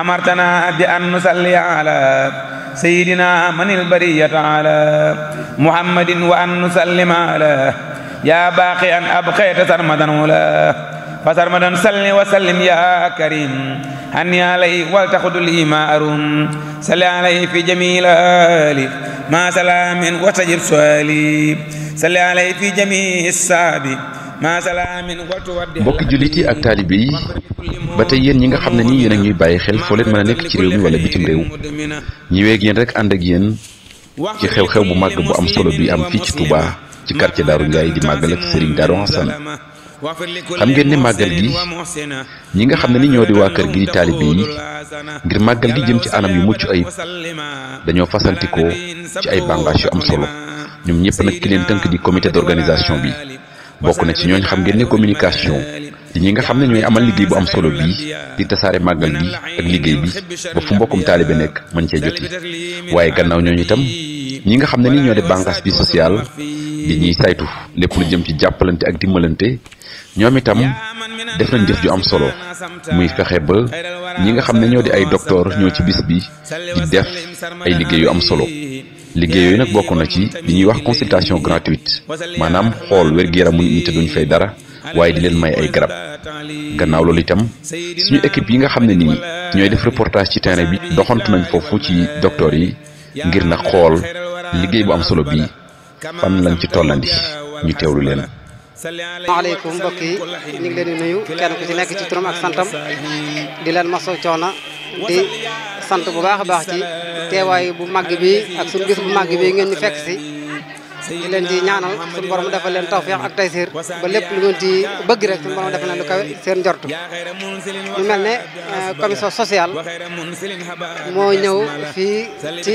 أمرتنا بأن نصلي على سيدنا من البرية على محمد وأن نسلم على يا باقي أن أبقيت سرمدا ولا فسرمدا صلي وسلم يا كريم هني عليه ولتخذ ما أرم سل عليه في جميل آلي ما سلام وتجب سؤالي سل عليه في جميع السابق mbokki jullit yi ak taalibe yi ba tey yéen ñi nga xam ne nii yéen a ñuy bàyyi xel foo leen mën a nekk ci réew mi wala bitim réew ñëwee ak yéen rek ànd ak yéen ci xew-xew bu màgg bu am solo bi am fii ci Touba ci quartier Darou Ndiaye di màggal ak Serigne Darou Hassane xam ngeen ne màggal gi ñi nga xam ne ni ñoo di waa kër gi di taalibe yi ngir màggal di jëm ci anam yu mucc ayib dañoo fasantikoo ci ay bànqaas yu am solo ñoom ñëpp nag ki leen tënk di comité d'organisation bi. bokk na ci ñooñ xam ngeen ne communication ci ñi nga xam ne ñooy amal liggéey bu am solo bi di tasaare màggal bi ak liggéey bi ba fu mbokkum taalibe nekk mën cee joti waaye gannaaw ñooñu itam ñi nga xam ne ni ñoo de bànqaas bi social di ñuy saytu lépp lu jëm ci jàppalante ak dimbalante ñoom itam def nañ jëf ju am solo muy fexe ba ñi nga xam ne ñoo di ay docteur ñoo ci bis bi di def ay liggéey yu am solo liggéey yooyu nag bokk na ci li ñuy wax consultation gratuite maanaam xool wér-gu-yaramu nit ñi te duñ fay dara waaye di leen may ay garab gannaaw loolu itam suñu équipe yi nga xam ne ni ñooy def reportage ci terrain bi doxantu nañ foofu ci docteur yi ngir na xool liggéey bu am solo bii fan lañ ci tollandi ñu teewlu leen. leen di nuyu kenn ku ci nekk ci turam ak santam di leen sant bu baax a baax ci teewaay bu màgg bi ak suñu bis bu màgg bi ngeen ñu fekk si di leen di ñaanal suñu borom defal leen tawfeex ak taysiir ba lépp lu ngeen ci bëgg rek suñu borom defal leen lu kawe seen njort ñu mel ne euh, commission sociale moo ñëw fii ci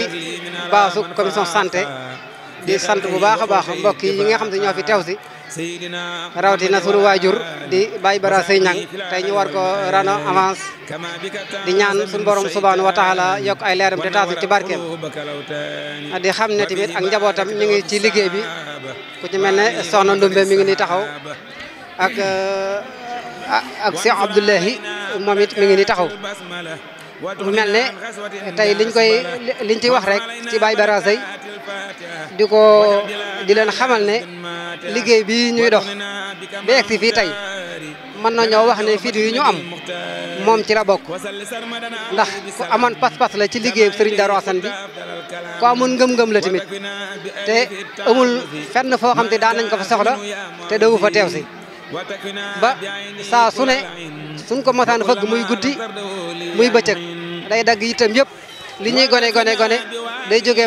baasu commission santé di sant bu baax a baax mbokk yi nga xam ne ñoo fi teew si rawatina sunu waajur di bay Bara Seye Niang tey ñu ko rano avance di ñaan sunu borom subhaanahu wa taala yokk ay leeram te taasu ci barkeem di xam ne tamit ak njabootam ñu ngi ci liggéey bi ku ci mel ne soxna Ndumbe mi ngi ni taxaw ak euh, ak Cheikh Abdoulahi moom mi ngi ni taxaw mu mel ne tey liñ koy liñ ciy wax rek ci Baye Bara Seye di ko di leen xamal ne liggéey bi ñuy dox ba egsi fii tey mën nañoo wax ne fit yi ñu am moom ci la bokk ndax ko amoon pas-pas la ci liggéey Serigne Darou Assane bi ku amoon ngëm-ngëm la tamit te amul fenn foo xam te daan nañ ko fa soxla te doogu fa teew si ba saa su ne suñ ko mosaan fëgg muy guddi muy bëccëg day dagg itam yëpp li ñuy gone gone gone day jóge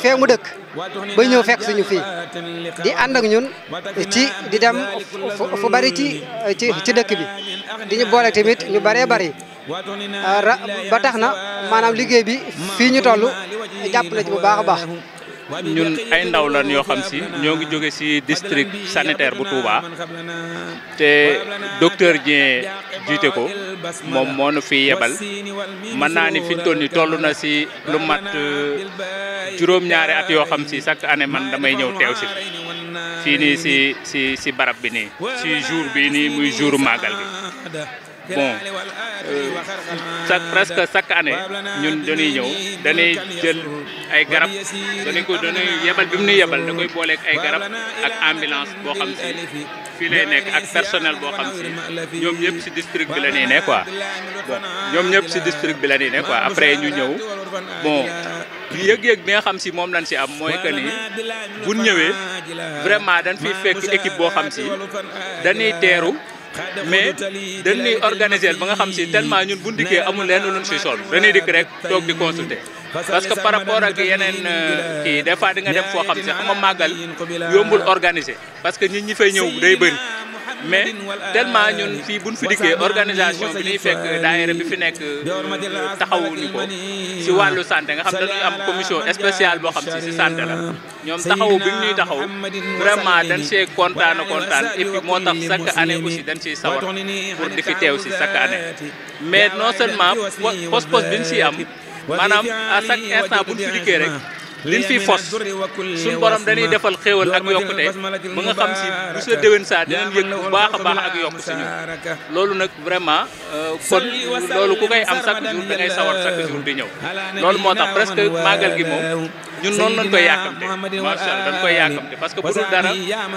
fee mu dëkk ba ñëw fekk suñu fi di ànd ak ñun ci di dem fu bari ci ci ci dëkk bi di ñu boole tamit ñu baree bari ba tax na maanaam liggéey bi fii ñu toll jàpp na ci bu baax a baax ñun ay ndaw lan yoo xam si ñoo ngi jóge si district sanitaire bu Touba te docteur Dieng jiite ko moom moo nu fi yebal mën naa ni fi toll ni toll na si lu mat euh, juróom-ñaari at yoo xam si chaque année man damay ñëw teew si fii nii si si si barab bi nii si jour bii nii muy jour màggal bi bon chaque presque chaque année ñun dañuy ñëw dañuy jël ay garab dañuy ko dañuy yebal bi mu ñuy yebal da koy booleeg ay garab ak ambulance boo xam si fii lay nekk ak personnel boo xam si ñoom ñëpp si district bi la ñuy ne quoi bon ñoom ñëpp si district bi la ñuy ne quoi après ñu ñëw bon. yëg-yëg bi nga xam si moom lañ si am mooy que ni bu ñëwee vraiment dañ fiy fekk équipe boo xam si dañuy teeru mais dañ ñuy organiser ba nga xam si tellement ñun bu ndikkee amul leen lu ñu si sol dañuy dikk rek toog di consulter. parce que par rapport ak yeneen euh, kii des fois dem foo xam si xam màggal yombul organiser parce que nit ñi fay ñëw day bëri. mais tellement ñun fii buñ fi dikkee organisation bi ñuy fekk daayira bi fi nekk taxawuñu ko si wàllu santé nga xam dañuy am commission spéciale boo xam si si santé la ñoom taxawu bi ñuy taxaw vraiment dañ see kontaan kontaan et puis moo tax chaque année aussi dañ siy sawar pour di fi teew si chaque année mais non seulement pos pos bi ñu siy am maanaam à chaque instant buñ fi dikkee rek liñ fi fos suñ borom dañuy defal xéewal ak yokkute ba nga xam si bu sa déwén saa dinañ yëg bu baax baax ak yokku si ñun loolu nag vraiment euh, kon loolu ku koy am chaque jour da ngay sawar chaque jour di ñëw loolu moo tax presque màggal gi moom ñun noonu lañ koy yàkkamte macha allah dañ koy yàkkamte parce que bu dul dara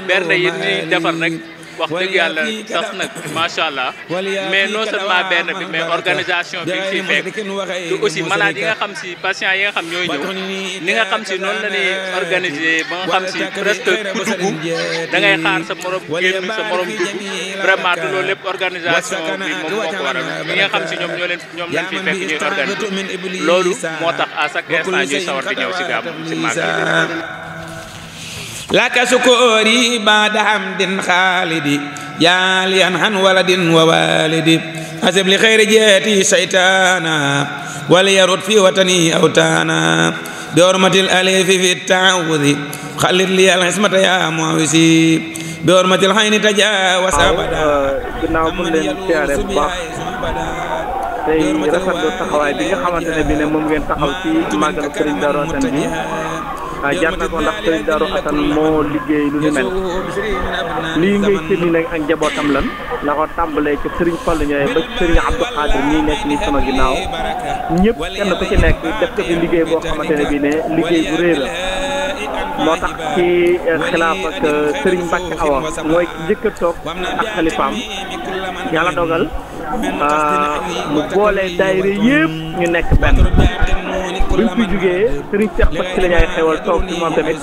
bernde yi ñuy defar rek wax dëgg yàlla sax nag macha allah mais non seulement ah, benn bi mais organisation bi fii fekk te aussi malade yi nga xam si patient yi nga xam ñooy ñëw ni nga xam si noonu la ñuy ba nga xam si presque ku dugg ngay xaar sa morom génn sa morom dugg vraiment te loolu lépp organisation bi moom moo waral ñi nga xam si ñoom ñoom lañ fi fekk ñuy organiser loolu moo tax à chaque ñuy sawar di ñëw si gàmm si màggal laka sukuri ba'da hamdin khalidi ya li an waladin wa walidi hasib li khair jati shaytana wa li yarud fi watani awtana bi hurmatil alif fi ta'awudhi khalid li al ismata ya muawisi bi hurmatil hayni taja abada ginaaw bu len tiare ba tay rafa do taxaway bi nga xamantene bi ne mom ngeen taxaw ci magal Ah, jar na ko ndax sëriñ Darou Assane moo liggéey lu ñu mel lii ngay sëñ ak njabootam lan la ko tàmbalee ci sëriñ Fallou ñooy ba sëriñ Abdou Khadir mii nekk nii sama ginnaaw ñëpp kenn ku ci nekk def ko fi liggéey boo xamante ne bii ne liggéey bu réer la moo tax ci eh, xilaaf ak eh, sëriñ Mbacke Awa mooy njëkk a toog ak xalifaam dogal ah, mu boole daayira yëpp ñu nekk benn. biñ fi jugee Serigne Cheikh Faty la ñuy xewal toog ci moom tamit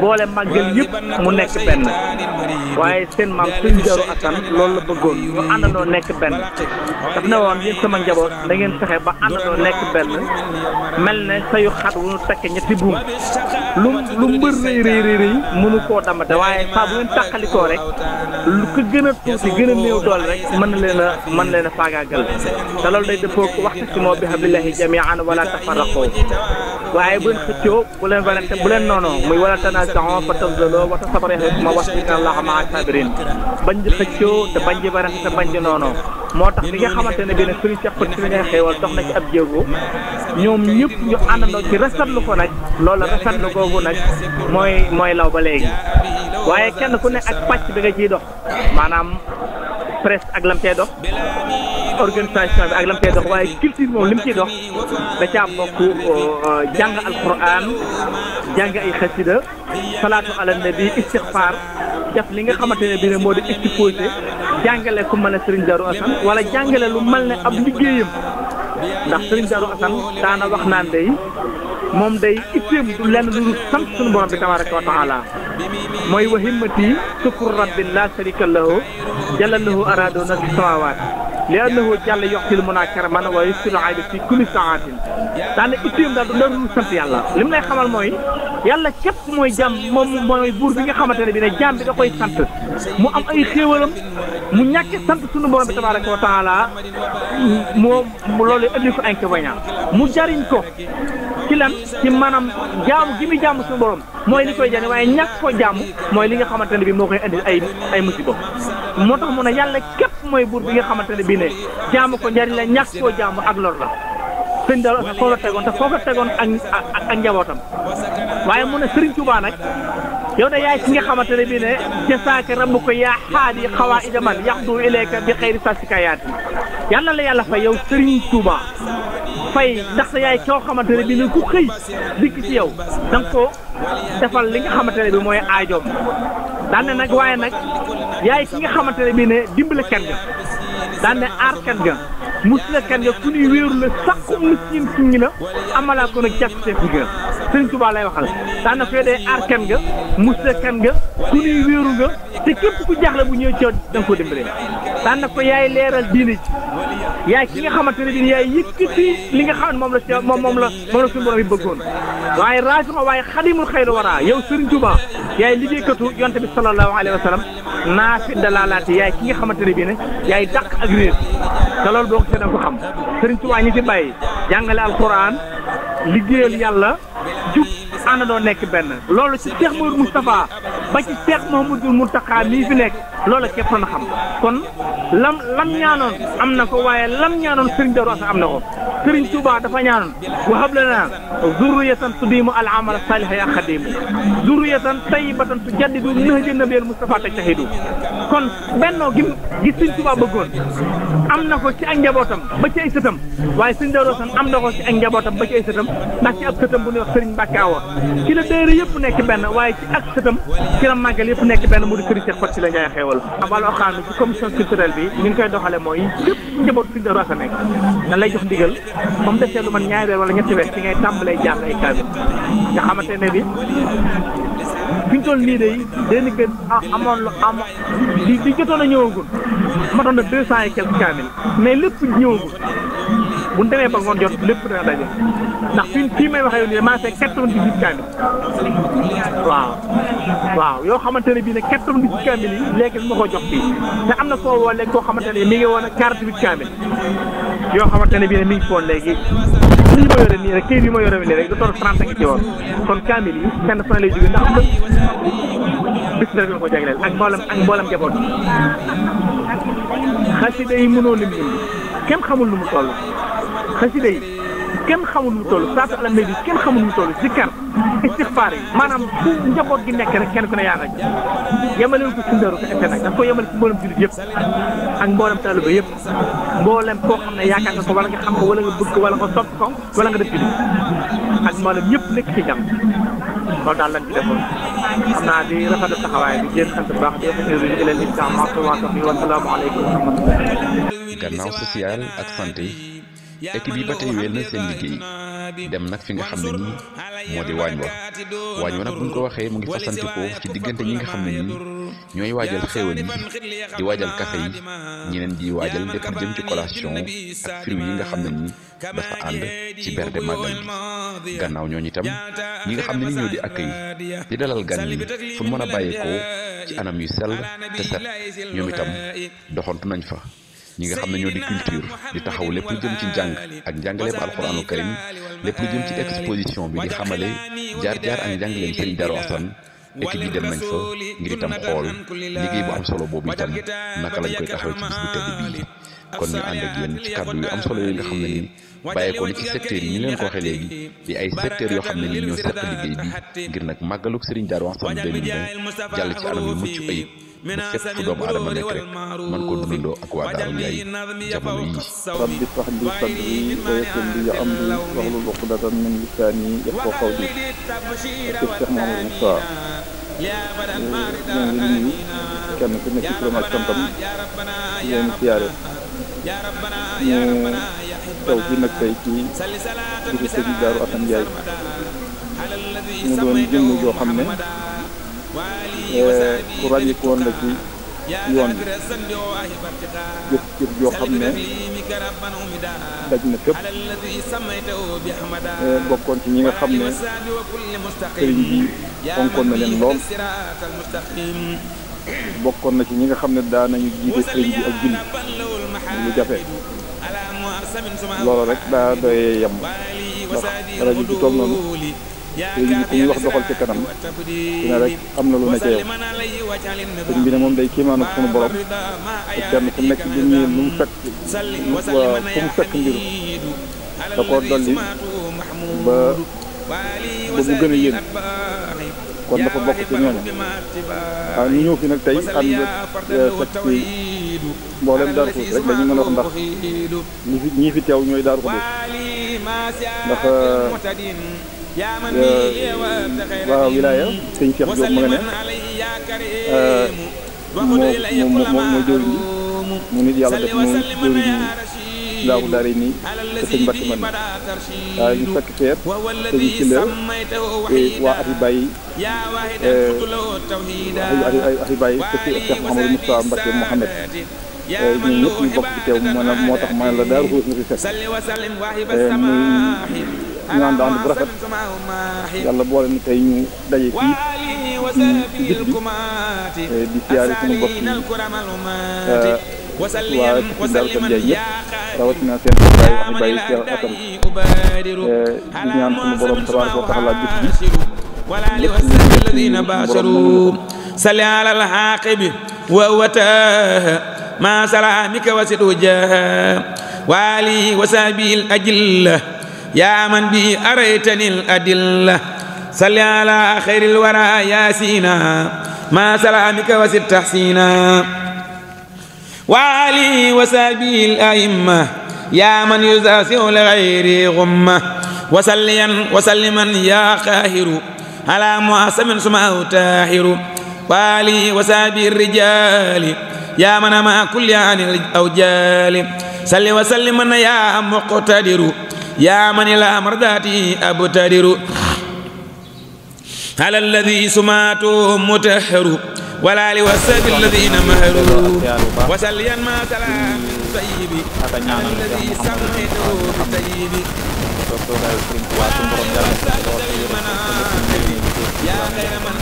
boole màggal yëpp mu nekk benn waaye seen maam suñ jaru asan loolu la bëggoon ñu àndandoo nekk benn daf ne woon yéen sama njaboot da ngeen fexe ba àndandoo nekk benn mel ne sayu xat wu ñu takke ñetti buum lu lu mbër rëy rëy rëy mënu koo damate waaye saa bu ngeen tàqalikoo rek lu ko gën a tuuti gën a néew doole rek mën na leen a mën leen a faagaagal te loolu day dëppoo waxtu ci moo bi hablillahi jamian waaye buñ xëccoo bu leen valante bu leen noonoo muy wala tanaasaxoo fa tasdaloo wa tasabareexu ma wasbita Allaha maa sabirin bañ di xëccoo te bañ di valante te bañ di noonoo moo tax bi nga xamante ne bi ne suñu sequt si ngay xéewal dox na ci ab jéego ñoom ñëpp ñu àndandoo ci rafetlu ko nag loolu rafetlu googu nag mooy mooy law ba léegi waaye kenn ku ne ak pàcc bi nga ciy dox maanaam presse ak lam cee dox organisation bi ak lam koy dox waaye culture moom li ci ciy dox da caa bokk euh, jàng alquran jàng ay xasida salaatu ala nabi istixfaar def li nga xamante ne bi ne moo di exposé jàngale ku mel ne Serigne Darou Assane wala jàngale lu mel ne ab liggéeyam ndax Serigne Darou Assane daana wax naan day moom day itteem du lenn lu dul sant bi tabaraka wa taala mooy wa sukkur rabbin la sharika lahu jalalahu araado na bi li annahu jàll yoxtil mun a karaman wa yusilu ayda fi kulli saatin daana ittéem daal du sant yàlla li mu lay xamal mooy yàlla képp mooy jàmm moom mooy buur bi nga xamante ne bi ne jàmm bi koy sant mu am ay xéewalam mu ñàkke sant sunu borom bi tabaraka wa taala moo loolu indi ko inconvénient mu jariñ ko ci lan ci maanaam jaamu gi muy jaamu suñu borom mooy li koy jariñ waaye ñàkk ko jaamu mooy li nga xamante ne bi moo koy indi ay ay musiba moo tax mu ne yàlla képp moy bur bi nga xamantene bi ne jaamu ko njariñ la ñak ko jaamu ak lor la sëñ dal ko la tegon foo ko tegon ak ak njabootam waye mu ne Sëriñ touba nak yow da yaay ci nga xamantene bi ne ci ne ram ko ya hadi xawaa man yahdu ilayka bi khair fasikayat yàlla la yàlla fa yow Sëriñ touba fay ndax da yaay ko xamantene bi ne ku xëy dik ci yow dang ko defal li nga xamantene bi moy aajoom daan ne nag waaye nag yaay ki nga xamante ne bii ne dimbale kat ga daan ne aar kat ga musula kat ga ku ñuy wéeru la sakku muslim ci ñi la amalaa ko nag jàpp seefi ga sëñ Tuubaa lay waxal daan na fee dee aar kat ga musula kat ga ku ñuy wéeru nga te képp ku jaaxle bu ñëw ci da nga ko dimbalee daan ko yaay leeral diine ji yaay ki nga xamante ne bii yaay yëkkati li nga xam ne moom la ca moom la moom la suñu borom yi bëggoon waaye raasuma waaye xadimul xayri waraa yow Serigne Touba yaay liggéeykatu yonte bi sallallahu alayhi wa sallam naafi dalaalaati yaay ki nga xamante ne bii ne yaay dàq ak réer te loolu boo ko seet ko xam Serigne Touba ñi fi bàyyi jàngale alquran liggéeyal yàlla jub ànd doo nekk benn loolu ci Cheikh Mourou Moustapha ba ci moo Mouhamadoul Mountakha mii fi nekk loola képp na xam kon lam lam ñaanoon am na ko waaye lam ñaanoon sëriñ Darou am na ko. Sëriñ Tuuba dafa ñaanoon wahab lana bii mu al amal saaliha ya xadimu zurriyatan tayyibatan tujaddidu nahja nabiyil Mustafa tajtahidu kon bennoo gi gi Sëriñ Tuuba bëggoon am na ko ci ak njabootam ba ci ay sëtam waaye Sëriñ Daaru Asan am na ko ci ak njabootam ba ci ay sëtam ndax ci ab sëtam bu ñuy wax Sëriñ Mbàkke Awa ci la déere yëpp nekk benn waaye ci ak sëtam ci la yëpp nekk benn mu di Sëriñ Seex Fat Sila Njaay xeewal bi ci ngi koy doxale mooy yëpp njaboot Sëriñ Daaru lay jox ndigal ba mu desee lu man ñaari weer wala ñetti weer ci ngay tàmbalee jàll ay kaamil nga xamante ne bi fi lii de nii day dañu gën amoon lu am di di jotoon a ñëwagul matoon na deux cent et quelques kaamil mais lépp ñëwagul. bu ñu demee ba ngoon jot lépp dana daje ndax fi fii may waxee nii maa fekk quatre-vingt-dix-huit kaamil waaw waaw yoo xamante ne bii ne quatre vingt yi léegi ma ko jox te am na koo woo léegi koo xamante ne mi ngi woon a quarante-huit kaamil yoo xamante ne bii ne mi ngi foon léegi lii ma yore nii rek kii bi ma yore nii rek du toll trente ngi ci woon kon kaamil yi kenn fan lay jóge ndax am na bis rek la ko jagleel ak mboolem ak mboolem njaboot xasida yi mënoo lim lim kenn xamul lu mu toll xasida yi kenn xamul mu toll salaatu ala nabi kenn xamul mu toll zikkar istixfaar yi maanaam fu njaboot gi nekk rek kenn ku ne yaa nag yemaleen ko ci ndaru ko ete nag daf ko yemal ci mboolem julit yëpp ak mboolem taaliba yëpp mboolem koo xam ne yaakaar nga ko wala nga xam ko wala nga bëgg ko wala nga sopp ko wala nga def julit ak mboolem ñëpp nekk ci jàmm loolu daal lañ ci defoon xam naa di rafetlu taxawaay bi jéem sant bu baax di rafetlu di leen di sàmm ak waa Sofi wa salaamu aleykum wa rahmatulah. gannaaw social ak santé. équipe yi ba tey wéel na seen liggéey dem nag fi nga xam ne nii moo di waañ wa waañ wa nag buñ ko waxee mu ngi fasante ci diggante ñi nga xam ne nii ñooy waajal xéewal yi di waajal café yi ñeneen di waajal lépp lu jëm ci collation ak fruits yi nga xam ne nii dafa ànd ci berde màggal bi gannaaw ñooñu itam ñi nga xam ne ni ñoo di accueil di dalal gan yi fu mën a bàyyeekoo ci anam yu sell te set ñoom itam doxantu nañ fa ñi nga xam ne ñoo di culture di taxaw lépp lu jëm ci njàng ak njàngaleem alxuraanu karim lépp lu jëm ci exposition bi di xamale jaar-jaar ak njàngaleem sëriñ Darou Assane équipe yi dem nañ fa ngir itam xool liggéey bu am solo boobu itam naka lañ koy taxawee ci bis bu tedd bii kon ñu ànd ak yéen ci kàddu yu am solo yi nga xam ne nii bàyyeekoo na ci secteurs yi ñu leen ko waxee léegi di ay secteurs yoo xam ne nii ñoo seq liggéey bi ngir nag màggaluk sëriñ Darou ci anam yu mucc ayib seet doomu aadama nekk rek man ko dundandoo ak waa Daaru Ndiaye jamono yii. rabbi sax li sant yi wéyatan ko ak Cheikh Mouhamadou Moussa ñoo ngi nuyu kenn ku nekk ci turam ak santam leen siyaare ñu taw bi nag tey ci biir sëñ Daaru Assane Ndiaye mu joo xam Eh, ku ràññiku woon la ci yoon bi jëf jëf joo xam ne daj na fépp eh, bokkoon ci ñi nga xam ne sëriñ bi fonkoon na leen lool bokkoon na ci ñi nga xam ne daanañu jiite sëriñ bi ak julli lu jafe loolu rek daa doyee yem ndax rajo bi toog noonu léegi ñu ko ñu wax doxal ci kanam dina rek am na lu ne ca yow sëñ bi ne moom day kiimaanu sunu borom te kenn ku nekk bi ñu lu mu fekk fu mu fekk mbir da koo dolli ba ba mu gën a yéen kon dafa bokk ci ñooñu ah ñu ñëw fi nag tey ànd fekk ci mboolem Daaru Xudoos rek dañu mën a wax ndax ñi fi ñii fi teew ñooy Daaru Xudoos ndax waa wilaaya sëñ Cheikh Diop ma nga ne moo moo moo moo jëwriñ ji mu nit yàlla def moom jëwriñ ji daawu daara yi nii te sëñ Mbacke man waaye ñu fekk feer sëñ Sylla waa Ati Baye ay Ati Baye te Cheikh Mouhamadou Moustapha Mbacke Mouhamed ñun ñëpp ñu bokk ci teew maanaam moo tax ma la daaru xuus na fi fekk ñaan daan bu rafet yàlla boole ni tey ñu daje fii ci bis bi di siyaare suñu bopp yi waa ci daal kan jaay yëpp rawatina seen baay wax ni bàyyi seeral atam di ñaan suñu borom tabaaraka wa taala bis bi lépp ñu alladina bacharu salli ala alxaaqibi wa wataha ma salamika wa sit wajaha wa alihi wa sahbihi al ajilla يا من بي أريتني الأدلة صل على خير الورى ياسينا ما سلامك وسر تحسينا وعلي وسبي الأئمة يا من يزاسع لغير غمة وسليا وسلما يا خاهر على معصم سماه تاهر وعلي وسبي الرجال يا من مع كل عن الأوجال سل وسلم يا مقتدر yaa man ilaa mardaati abtadiru ala alladi sumaatu mutaharu wala li wasabi alladina maharu wasal yan ma salaam tayyibi alladi sammaytahu bi tayyibi yaa xayra man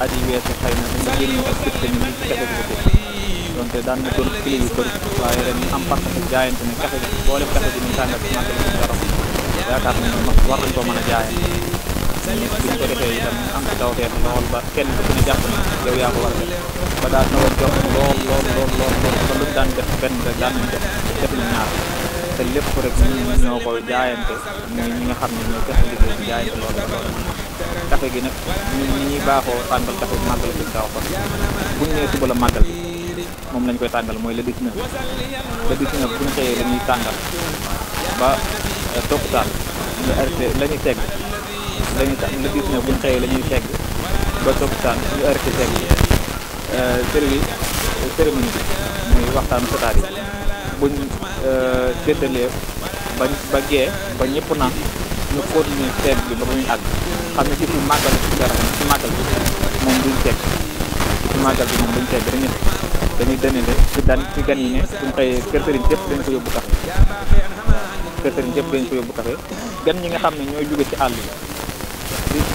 at yi weesu xëy na dañu génn ak système bi café bi ko donte daan na doon clé yu bëri waaye ren ñu am parce que jaayante ne café bi boolem café bi ñu tàngal ci marché bi ñu yaram yaakaar nañ ne war nañ ko mën a jaaye buñ ko defee itam am ci tawteex lool ba kenn ku ci ne jàpp na yow yaa ko war a def ba daal na woon jox lool lool lool lool lool ba lu daan def benn rek daan nañ def def na ñaar te lépp rek ñun ñoo ko jaayante ñi nga xam ne ñoo def liggéey bi jaayante lool ba lool café gi nag ñi ñuy baaxoo tàngal café bu màggal sëñ bu ñu nee suba la màggal moom lañ koy tàngal mooy le 19 le 19 bu ñu xëyee la ñuy tàngal ba euh, tokktaan nga arrêté la ñuy segg la ñuy le 19 bu ñu xëyee la ñuy segg ba tokktaan ñu arrêté segg euh, bi muy waxtaanu sataat yi buñ euh, séddalee ba ba gee ba ñëpp na ñu continuer fête bi ba muy àgg xam ne surtout màggal ci dara ci màggal bi moom duñ teg ci màggal bi moom duñ teg dañu dañuy dënale ci dan ci gan yi ne suñ xëyee kër sëriñ yëpp dañ ko yóbbu café kër sëriñ yëpp dañ ko ini café gan ñi nga xam ne ñooy jóge ci àll bi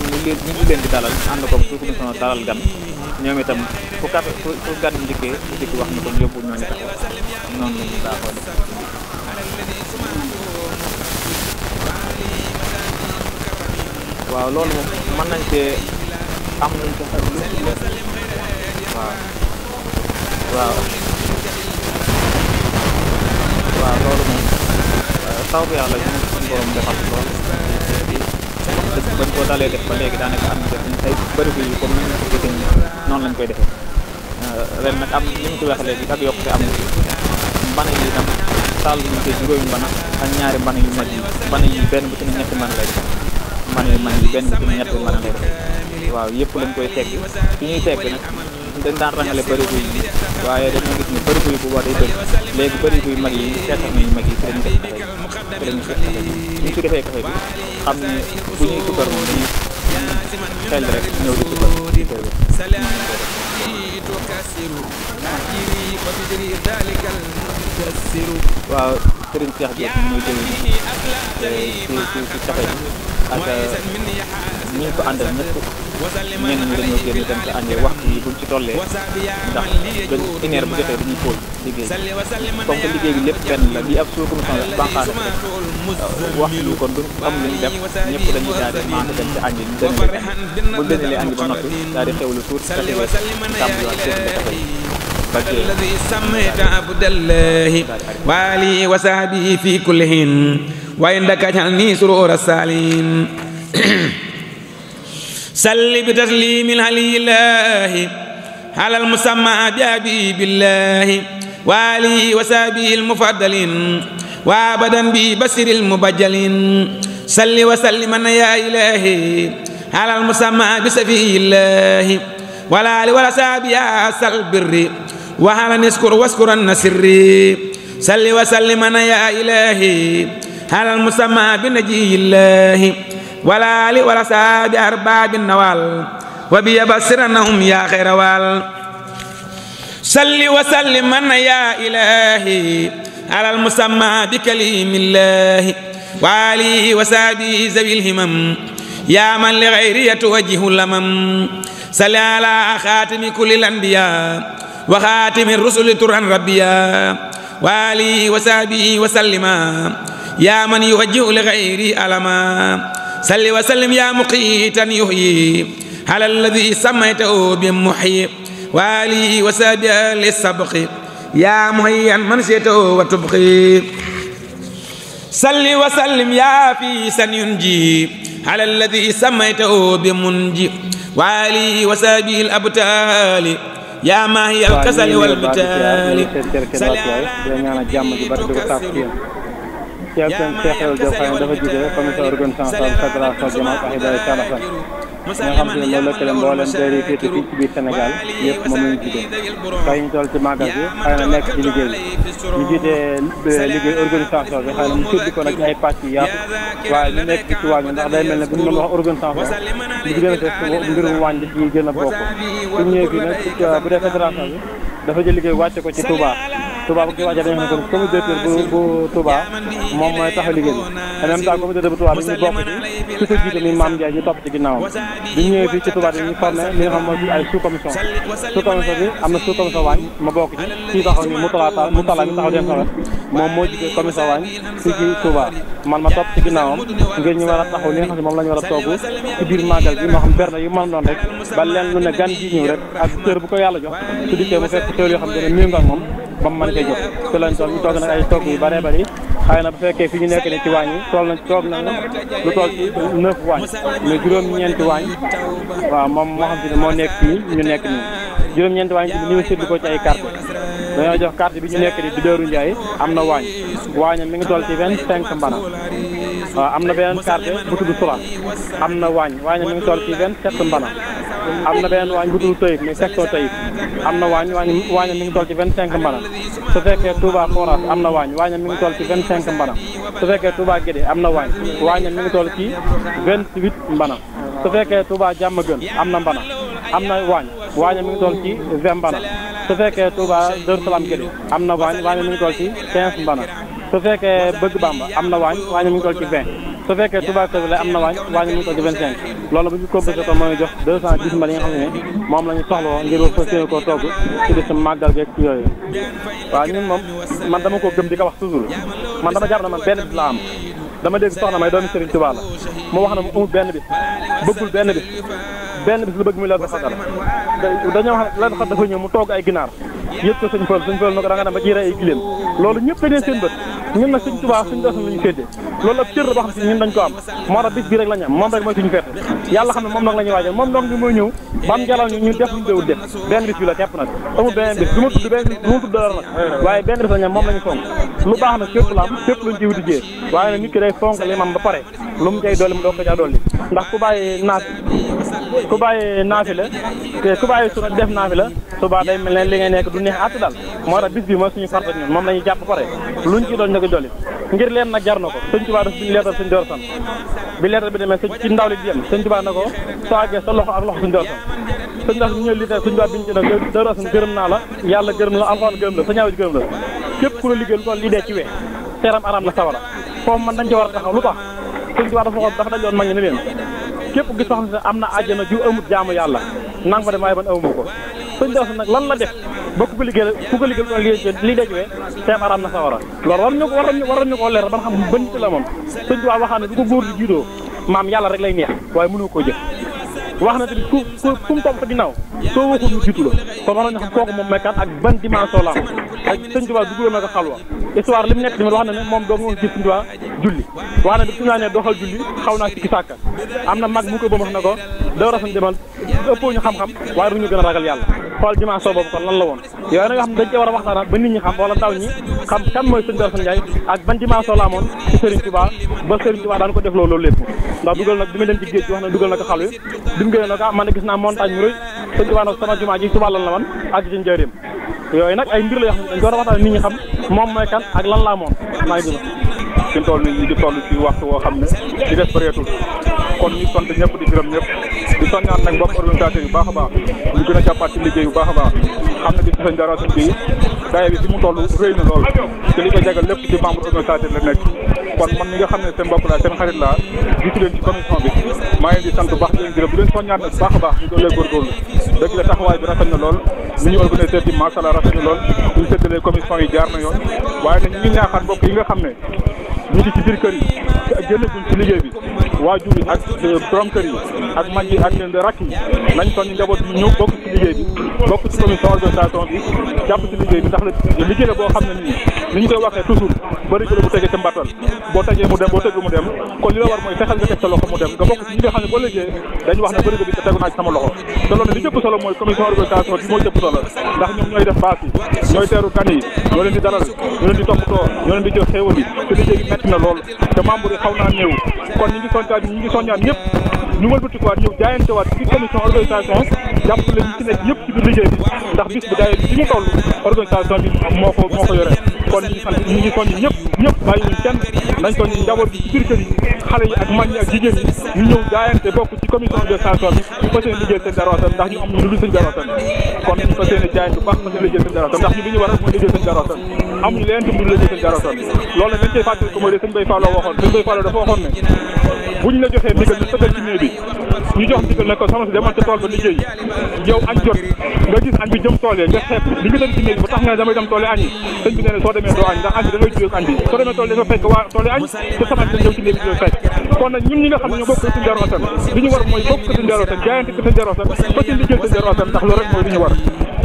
ñu leen ñu leen di dalal ànd ko su commission dalal gan ñoom itam fu kat fu gan dikkee dikk wax ni ko yóbbu ñoo ne café noonu la ko def waaw loolu moom mën nañ cee am luñ ko ak lu waaw lool dëgg bañ koo dalee def ba léegi daanaka am na def ñu tey noonu lañ koy defee euh, ren nag am li ñu ko waxee léegi ak yokkute am mbana yi itam saal ñu te juróomi mbana ak ñaari mbana yu mag yi mbana yi benn bu ci ne ñetti mbana lay def man la man bi benn bi ñett mën a nekk waaw yëpp lañ koy teg fi ñuy teg nag dañ daan rangale bëri kuy waaye dañoo gis ni bëri bu baax day bëri léegi bëri mag yi seetal nañu mag yi ci lañ def kafe ci lañ def kafe defee kafe bi xam ne bu ñuy sukkar moom dañuy xel rek ñëw di sukkar di koy waaw Serigne Cheikh Diop mooy jël eh, ci ci ci kafe bi ak euh, ñi ko àndal ñëpp ñenn ñi dañoo génn dem te àndi waxtu yi buñ ci tollee ndax dañ une heure bu jotee dañuy pause liggéey liggéey bi lépp benn la lii ab sous commission la banqaana rek waxtu yi kon du am lu ñu def ñëpp dañuy daal di maandu dem te àndi ñu dënle añ buñ dënlee àndi ba noppi daal tuut tasewe tàmbaliwaat seen dafay الذي سميت عبد الله وآله وصحبه في كل حين وعندك اجعلني سرور السالين سل بتسليم الهلي الله على المسمى بحبيب الله والي وسابي المفضلين وابدا ببشر المبجلين سل وسلم يا إلهي على المسمى بسفي الله ولا ولا يا سل بري وعلى نسكر واذكر النسري سل وسلم يا إلهي على المسمى بنجي الله ولا لي ولا ساب أرباب النوال وبيبصرنهم يا خير وال صل وسلم من يا إلهي على المسمى بكليم الله وعلي وسادي ذوي الهمم يا من لغيري يتوجه الأمم صل على خاتم كل الأنبياء وخاتم الرسل ترى ربيا وعلي وسادي وسلم يا من يوجه لغيري ألما سل وسلم يا مقيتا يحيي على الذي سميته بمحيي والي وسابع للسبق يا مهيا من شئته وتبقي سل وسلم يا في ينجي على الذي سميته بمنجي والي وسابي الابتال يا ما هي الكسل والبتال على Capitaine Cheikh El Diofane dafa jiite comité organisation fédération Jamaat ak Hidaya Thiam Assane nga xam te Sénégal yëpp moom la bi xëy na nekk ci liggéey bi ñu jiitee euh, liggéey organisation bi xëy na mu tuddi ko nag ay pàcc yu yaatu bu ñu li ci gën a bokk bu ñëwee fii nag bu dee fédération dafa jël liggéey wàcce ko ci Touba Touba bu kii a dañoo xam ne comité directeur bu bu moom mooy taxaw liggéey bi en même temps comité bu Touba dañuy bokk ci ki ko jiite mi Mame Ndiaye topp ci ginnaawam bi ñu ñëwee ay sous commission sous commission bi am na sous waañ ma bokk ci kii taxaw ni mu talaa mu talaa mi taxaw dem sama moom moo waañ fii ci man ma topp ci ginnaawam ngir ñu war a taxaw li xam ne moom la ñu war a togg ci biir màggal bi moo xam berne yu mën doon rek ba leen lu ne gan ji ñëw rek ak cër bu ko yàlla jox su dikkee mu fekk xéwal yoo xam ne mii nga ak moom ba mu mën koy jox te lañ toog ñu togg yu bëree bëri xëy na bu fekkee fi ñu nekk ni ci waañ tool na toog na lu tool ci neuf waañ mais juróom ñeenti waañ waaw moom moo xam ne moo nekk fii ñu nekk nii juróom-ñeenti waañ ci ni ma séddu ko ci ay carte dañoo jox bi ñu nekk di di Dóoru am na waañ waañam mi ngi toll ci vingt cinq mbana waaw am na beneen carte bu tudd Sula am na waañ waañam mi ngi toll ci vingt sept mbana am na beneen waañ bu tudd Tayib mi section Tayib am na waañ waañ mi ngi toll ci vingt cinq mbana su fekkee Touba Foras am na waañ waañam mi ngi toll ci vingt cinq mbana su fekkee am na waañ waañam mi ngi toll ci vingt huit mbana su fekkee Touba Jàmmagën am na mbana am na waañ waaño mi ngi toll ci 20 mbana su fekkee Touba Darou Salaam Guédé am na waañ waaño mi ngi toll ci 15 mbana su fekkee Bëgg Bamba am na waañ waaño mi ngi toll ci 20 su fekkee Touba Kébéla am na waañ waaño mi ngi toll ci 25 loolu bu ñu complété ko moo ngi jox 210 mbana yi nga xam ne moom la ñu soxlawoo ngir fas yéene koo togg ci bis màggal geeg yooyu waaw ñun moom man dama ko gëm di ko wax toujours man dama jàpp na man benn bis la am dama dégg soxna may doomi Serigne Touba la mu wax na mu amul benn bis bëggul benn bis benn bis la bëgg muy leen xadar dañoo wax leen xat dafa ñëw mu togg ay ginaar yëpp ko sëñ Fall sëñ Fall na ko da nga dem ba ci rey ay giléem loolu ñëpp dañee seen bët ñun nag sëñ Tuubaa suñu doon lañu féete loolu ab cër la boo xam si ñun dañ ko am moo tax bis bi rek la ñu am moom rek mooy suñu féete yàlla xam ne moom nag la ñuy waajal moom donc bi mooy ñëw bam jalal ñu ñu def luñu déwul def benn bis bi la kepp nag amul benn bis du ma tudd benn bis du ma tudd dara nag waaye benn bis la ñam moom la ñu fonk lu baax nag fépp la am fépp lañ ci wuti jee waaye nag nit ki day fonk li mam ba pare lu mu cay doole mu doog ko caa dolli ndax ku bàyyi naas ku bàyyi naafila te ku bàyyi sunna la su subaa day mel ne li ngay nekk du neex àtt daal moo tax bis bi mooy suñu farta ñun moom la jàpp pare luñ ci doon ñu ko dolli ngir leen nag jar na ko sëñ Tuubaa daf suñu leetar suñu door san bi leetar na ko soo àggee sa loxo ak loxo suñu door san sëñ Tuubaa suñu ñëw li te suñu Tuubaa biñu ci nag door san gërëm naa la yàlla gërëm la alxuraan gërëm la sa ñaawit gërëm la képp ku la liggéey lu toll lii dee ci wee seeram araam la sawara foofu man dañ ci war a taxaw lu tax sëñ Tuubaa dafa waxoon dafa dajoon mag képp gis soo xam ne am na àjjana ju amut jaamu yàlla nang fa dem waaye man amuma ko sëñ Dawsa nag lan la def ba ku ko liggéey ku ko liggéey li dajwee teem araam na sawara loolu war ñu ko war ñu war ñu ko leer ban xam bën ci la moom sëñ Tuubaa waxaan ne bi ko góor di juddoo maam yàlla rek lay neex waaye mënu koo jëf wax na tamit ku ku ku mu sa ginnaaw soo waxul ñu jiitu la kon war nañu xam kooku moom mekkat ak ban dimension la am ak sëñ Tuubaa dugaloon na ko xalwa histoire li mu nekk tamit wax na ne moom doo nga wax na ne doxal julli mag mu ko wax na ko daw rasan demal xam-xam waaye du ñu gën a ragal yàlla xool jumaa la woon yooyu na nga xam ne a waxtaanaat ba nit ñi xam wala loolu lépp ndax dugal na bi mu dem na dugal na ko xalwi ah, gis naa montagne mu rëy sëñ Tuubaa nag sama jumaa ji Tuubaa lan la man ak ci njëriñ yooyu nag ay mbir la yoo a ne a waxtaan nit ñi xam moom mooy kan ak lan laa moom maa ngi fi toll nii ñu ngi toll ci waxtu woo xam ne di def bëreetul kon ñu sant ñëpp di gërëm ñëpp di soññaan nag bopp organisateur yu baax a baax ñu gën a jàppaat ci liggéey bu baax a baax xam ne di ci sañ dara suñ daay bi fi mu toll rëy na lool te li ko jagal lépp ci membre organisateur la nekk kon man mi nga xam ne seen bopp laa seen xarit laa jiitu ci commission bi maa ngi sant baax baax a baax ñu dooleel góorgóorlu dëgg la taxawaay bi rafet na lool ni ñu organisé bi macha allah rafet na lool ñu séddalee commission yi jaar na yoon waaye nag ñu ngi ñaaxaat mbokk yi nga xam ne ñu ngi ci biir kër yi génnaguñ ci liggéey bi waajur yi ak euh, borom kër yi ak mag yi ak rakk yi nañ soññ njaboot bi ñu bokk ci liggéey bi bokk ci commission organisation bi jàpp ci liggéey bi ndax la liggéey la boo xam ne nii ni ñu koy waxee toujours bëri jële bu tegee ci mbattal boo tegee mu dem boo tegul mu dem kon li la war mooy fexeel nga teg sa loxo mu dem nga bokk ci ñi nga xam ne boo liggéey dañ wax ne bëri bi tegu naa ci sama loxo te loolu li jëpp solo mooy commission organisation bi mooy jëpp solo ndax ñoom ñooy def baas yi ñooy teeru kan yi ñoo leen di dalal ñoo leen di toppatoo ñoo leen di jox xéewal yi te liggéey bi na lool te membre yi xaw naa néew kon ñu ngi soññaat ñu ngi soññaat ñëpp ñu wëlbatikuwaat ñëw jaayantewaat ci commission organisation jàppale ñu ci nekk ñëpp ci biir liggéey bi ndax bis bi daye bi ñu toll organisation bi moo ko moo ko yore kon ñu ngi sant ñu ngi soññ nañ ko ñu njaboot bi ci biir kër yi xale yi ak mag ñi ak jigéen ñi ñu ñëw jaayante bokk ci commission de gestion bi ñu fas ndax ñu am ñu lu seen darootam kon ñu fas yéene jaayante bu baax fas yéene liggéey seen darootam ndax ñu li ñu war a mooy liggéey seen darootam amuñu leen tum du liggéey seen darootam loolu dañ koy fàttali ko mooy de sëñ Bay Falloo waxoon sëñ Bay Falloo dafa waxoon ne buñ la joxee ndigal nga tëddal ci néeg bi ñu jox ndigal ne ko soxna si demal ci tool ba liggéey yow añ jot nga gis añ bi jëm tool yi nga xeeb li nga dem ci néeg ba tax nga ne damay dem tool yi añi sëñ bi nee na soo demee doo añ ndax añ bi da ngay juyee añ bi soo demee tool yi nga fekk waa tool yi añ te sama añ ñëw ci néeg bi la fekk kon nag ñun ñi nga xam ne ñoo bokk sëñ Darou Hassane li ñu war mooy bokk sëñ Darou Hassane jaayante ko sëñ Darou Hassane ba ci liggéey sëñ Darou Hassane ndax loolu rek mooy li ñu war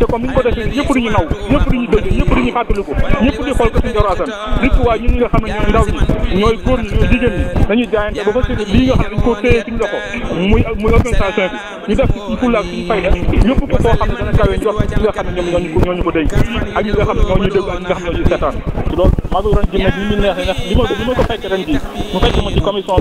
te comme ni ñu ko defee ñëpp duñu naw ñëpp duñu dégg ñëpp duñu fàttaliku ñëpp di xool ko sëñ Darou Hassane nit ku waa ñun ñi nga xam ne ñooy ndaw ñi ñooy góor ñi ñooy jigéen ñi dañuy jaayante ba fa sëñ lii nga xam ne dañ koo téye suñu loxo nga ko ñooñu ko nga xam ne ñoo nga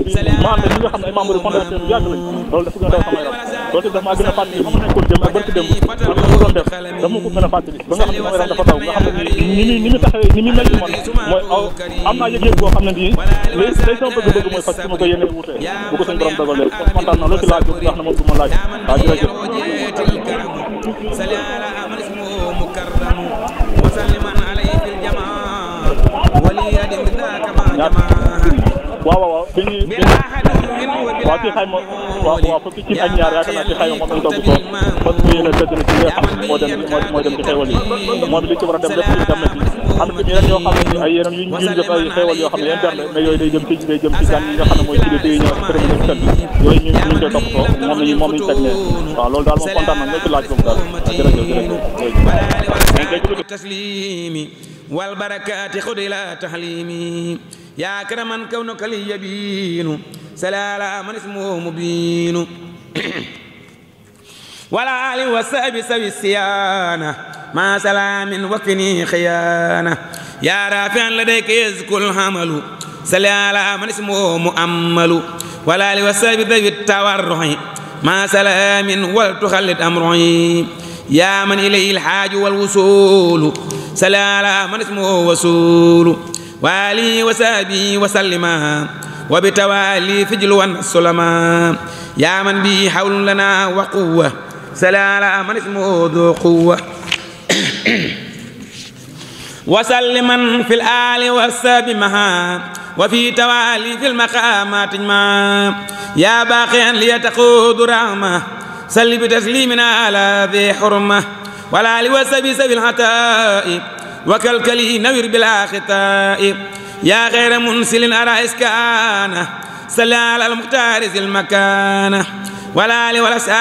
xam ne ay membre fondateur yu yàgg lañ loolu dafa gën a daw samay rab loolu dafa maa gën a fàttali fa ma nekkoon dem ak barki dem man la ma doon def dafa ma ko gën a fàttali ba nga xam ne sama yaram dafa taw nga xam ne ni ni ni mu taxawee ni mu mel man mooy aw am naa yëg-yëg boo xam ne nii lay lay sama bëgg-bëgg mooy fas ma ko yéene wuute bu ko suñ borom dogalee kontaan naa loolu ci laaj boobu ndax na moom du ma laaj waaw jërëjëf waaw waaw waaw bi ñu waaw ci xayma waaw waaw fukki ci ak ñaar yaakaar naa ci xayma moom lañ doon ko kon ñu yéene tëdd na ci li nga xam ne moo dem mooy dem ci xéewal yi moom li ci war a dem lépp ci dem na ci am na yeneen yoo xam ne ay yeneen yu ñu jëf ay xéewal yoo xam ne yéen benn mais yooyu day jëm ci day jëm ci gan yi nga xam ne mooy ci dé ñëw terminé ci tëdd yooyu ñu ñu koy toppatoo moom lañu moom lañu teg ne waaw loolu daal moom kontaan nañ ci laaj boobu daal jërëjëf jërëjëf taslimi wal barakati xudi la tahlimi يا كرما كونك لي يبين سلالا من اسمه مبين ولا علي وسأب سوي السيانة ما سلام وكني خيانة يا رافع لديك يزكو الحمل سلالا من اسمه مؤمل ولا علي وسأب ذي التورع ما سلام ولتخلد أمرعي يا من إليه الحاج والوصول سلالا من اسمه وصول وآلي وسابي وسلما وبتوالي فجل والسلم يا من به حول لنا وقوة سلالة من اسمه ذو قوة وسلما في الآل والساب مها وفي توالي في المقامات ما يا باقيا ليتقود رحمة سل بتسليمنا على ذي حرمة ولا لوسب سبيل الحتائب وكالكلي نوير بلا خطاء يا غير منسل أرى إسكانه سلال على المختار ذي المكانه ولا لي ولا